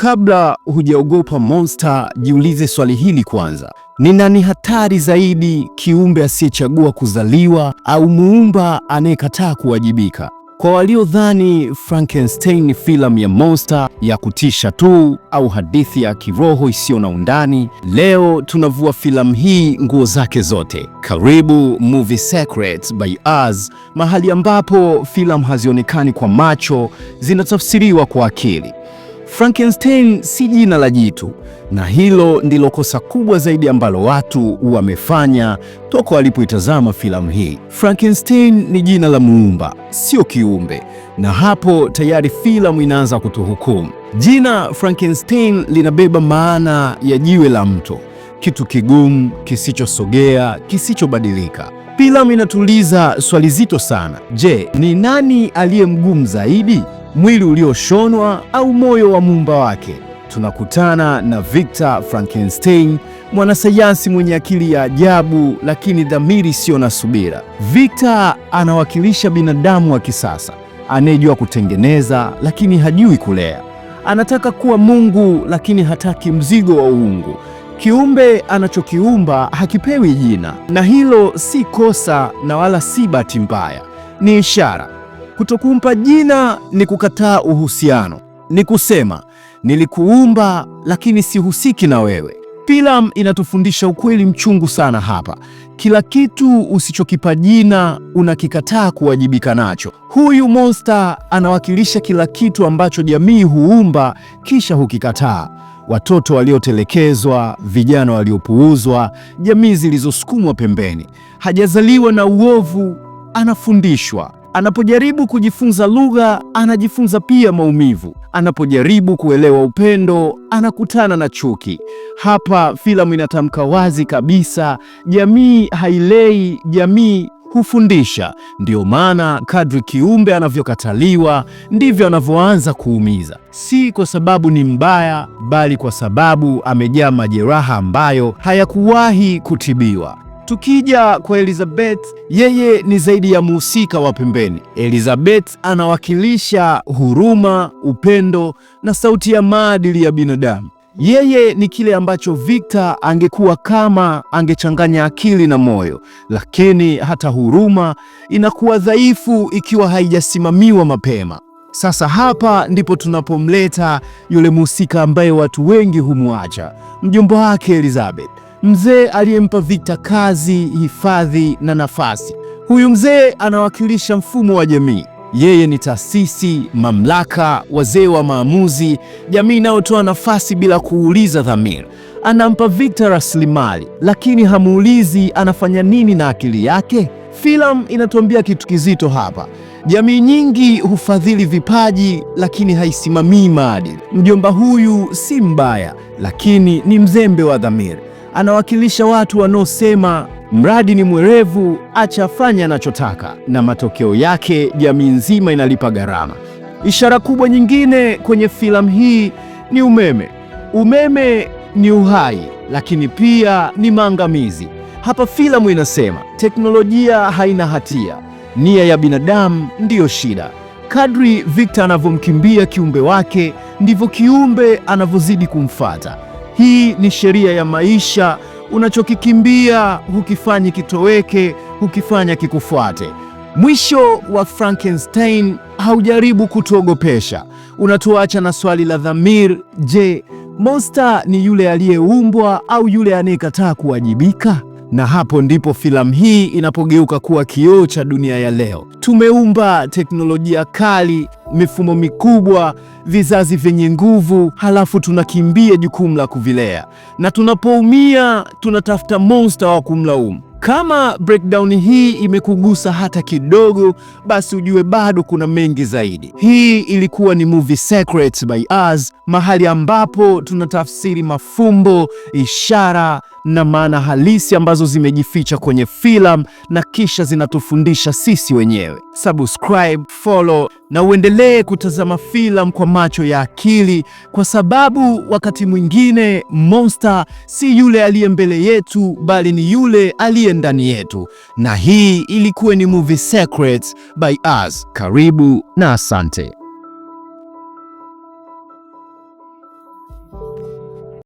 Kabla hujaogopa monster, jiulize swali hili kwanza: ni nani hatari zaidi, kiumbe asiyechagua kuzaliwa au muumba anayekataa kuwajibika? Kwa waliodhani Frankenstein ni filamu ya monster ya kutisha tu au hadithi ya kiroho isiyo na undani, leo tunavua filamu hii nguo zake zote. Karibu Movie Secrets by Us, mahali ambapo filamu hazionekani kwa macho, zinatafsiriwa kwa akili. Frankenstein si jina la jitu, na hilo ndilo kosa kubwa zaidi ambalo watu wamefanya toka walipoitazama filamu hii. Frankenstein ni jina la muumba, sio kiumbe, na hapo tayari filamu inaanza kutuhukumu. Jina Frankenstein linabeba maana ya jiwe la mto, kitu kigumu kisichosogea, kisichobadilika. Filamu inatuuliza swali zito sana: je, ni nani aliye mgumu zaidi? mwili ulioshonwa au moyo wa muumba wake, tunakutana na Victor Frankenstein, mwanasayansi mwenye akili ya ajabu lakini dhamiri isiyo na subira. Victor anawakilisha binadamu wa kisasa anayejua kutengeneza lakini hajui kulea. Anataka kuwa Mungu lakini hataki mzigo wa uungu. Kiumbe anachokiumba hakipewi jina, na hilo si kosa na wala si bahati mbaya, ni ishara Kutokumpa jina ni kukataa uhusiano, ni kusema nilikuumba lakini sihusiki na wewe. Pilam inatufundisha ukweli mchungu sana hapa. Kila kitu usichokipa jina unakikataa kuwajibika nacho. Huyu monsta anawakilisha kila kitu ambacho jamii huumba kisha hukikataa: watoto waliotelekezwa, vijana waliopuuzwa, jamii zilizosukumwa pembeni. Hajazaliwa na uovu, anafundishwa. Anapojaribu kujifunza lugha, anajifunza pia maumivu. Anapojaribu kuelewa upendo, anakutana na chuki. Hapa filamu inatamka wazi kabisa, jamii hailei, jamii hufundisha. Ndio maana kadri kiumbe anavyokataliwa ndivyo anavyoanza kuumiza, si kwa sababu ni mbaya, bali kwa sababu amejaa majeraha ambayo hayakuwahi kutibiwa. Tukija kwa Elizabeth, yeye ni zaidi ya mhusika wa pembeni. Elizabeth anawakilisha huruma, upendo na sauti ya maadili ya binadamu. Yeye ni kile ambacho Victor angekuwa kama angechanganya akili na moyo, lakini hata huruma inakuwa dhaifu ikiwa haijasimamiwa mapema. Sasa hapa ndipo tunapomleta yule mhusika ambaye watu wengi humwacha, mjomba wake Elizabeth mzee aliyempa vita kazi, hifadhi na nafasi. Huyu mzee anawakilisha mfumo wa jamii. Yeye ni taasisi, mamlaka, wazee wa maamuzi, jamii inayotoa nafasi bila kuuliza dhamira. Anampa vita rasilimali, lakini hamuulizi anafanya nini na akili yake. Filamu inatuambia kitu kizito hapa. Jamii nyingi hufadhili vipaji, lakini haisimamii maadili. Mjomba huyu si mbaya, lakini ni mzembe wa dhamira anawakilisha watu wanaosema mradi ni mwerevu, acha afanye anachotaka, na matokeo yake jamii nzima inalipa gharama. Ishara kubwa nyingine kwenye filamu hii ni umeme. Umeme ni uhai, lakini pia ni maangamizi. Hapa filamu inasema teknolojia haina hatia, nia ya binadamu ndiyo shida. Kadri Victor anavyomkimbia kiumbe wake, ndivyo kiumbe anavyozidi kumfata. Hii ni sheria ya maisha. Unachokikimbia hukifanyi kitoweke, hukifanya kikufuate. Mwisho wa Frankenstein haujaribu kutuogopesha, unatuacha na swali la dhamir Je, monster ni yule aliyeumbwa au yule anayekataa kuwajibika? na hapo ndipo filamu hii inapogeuka kuwa kioo cha dunia ya leo. Tumeumba teknolojia kali, mifumo mikubwa, vizazi vyenye nguvu, halafu tunakimbia jukumu la kuvilea, na tunapoumia tunatafuta monster wa kumlaumu. Kama breakdown hii imekugusa hata kidogo, basi ujue bado kuna mengi zaidi. Hii ilikuwa ni Movie Secrets by Us, mahali ambapo tunatafsiri mafumbo, ishara na maana halisi ambazo zimejificha kwenye filamu na kisha zinatufundisha sisi wenyewe. Subscribe, follow na uendelee kutazama filamu kwa macho ya akili, kwa sababu wakati mwingine monster si yule aliye mbele yetu, bali ni yule aliye ndani yetu. Na hii ilikuwa ni Movie Secrets by Us. Karibu na asante.